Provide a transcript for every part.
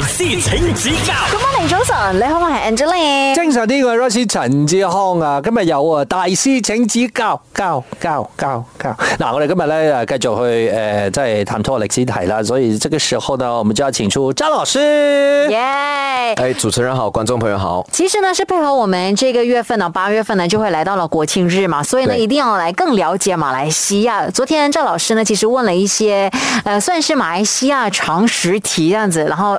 大師請指教。Good morning，早晨，你好，我係 Angeline。正常呢個係 Royce 陳志康啊，今日有啊，大師請指教，教教教教。嗱，我哋今日咧啊，繼續去誒，即係探討歷史題啦。所以這個時候呢，我們就要請出趙老師。耶！誒，主持人好，觀眾朋友好。其實呢，是配合我們這個月份呢，八月份呢就會來到了國慶日嘛，所以呢一定要來更了解馬來西亞。昨天趙老師呢，其實問了一些，呃、算是馬來西亞常識題，這樣子，然後。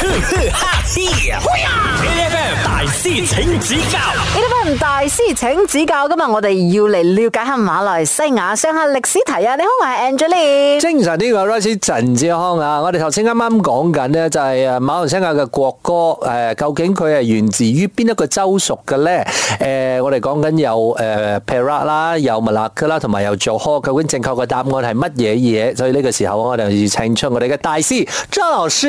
呵呵，大 師樂，哎 e e 大師請指教 e l e m e 大師請指教。今日我哋要嚟了解下馬來西亞上下歷史題啊！你好， 精神是好，我係 Angeline。精神呢個早晨陳志康啊！我哋頭先啱啱講緊呢，就係誒馬來西亞嘅國歌誒，究竟佢係源自於邊一個州屬嘅咧？誒，我哋講緊有誒 Perak 啦，有 Malacca 啦，同埋有 Johor，究竟正確嘅答案係乜嘢嘢？所以呢個時候我哋要請出我哋嘅大師趙老師。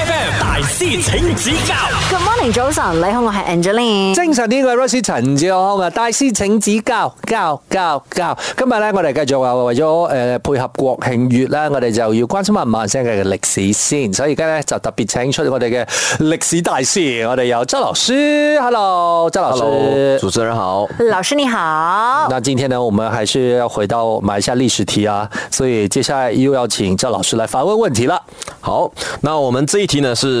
大師請指教。Good morning，早晨，你好，我係 Angeline。清晨呢個係 Royce 陳志康啊，大師請指教，教教教。今日咧，我哋繼續話為咗誒配合國慶月咧，我哋就要關心下馬星嘅歷史先。所以而家咧就特別請出我哋嘅歷史大師，我哋有趙老師。Hello，趙老師。Hello. 主持人好。老師你好。那今天呢，我們還是要回到埋一下歷史題啊。所以接下來又要請趙老師來反問問題啦。好，那我們這一題呢是。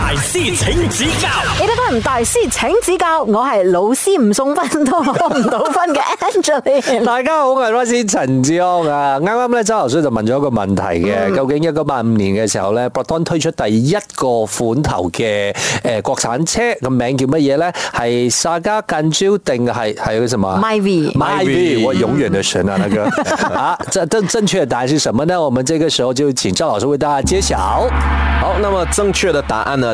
大師請指教，你得分唔大師，大師請指教。我係老師唔送分都攞唔到分嘅 Angeline 大家好，我係 Royce 陳志昂啊。啱啱咧，趙老師就問咗一個問題嘅、嗯，究竟一九八五年嘅時候咧，博當推出第一個款頭嘅誒國產車個名叫乜嘢咧？係薩加近珠定係係個什麼？Myvi，Myvi，Myvi, Myvi 我永遠都神啊！那個 啊，正正確答案是什麼呢？我們這個時候就請趙老師為大家揭曉、嗯。好，那麼正確的答案呢？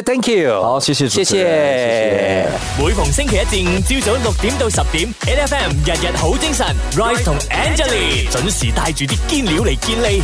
Thank you，好，謝謝主持謝謝，謝謝。每逢星期一至五朝早六點到十點，N F M 日日好精神，Royce 同 Angeline 準時帶住啲堅料嚟堅利。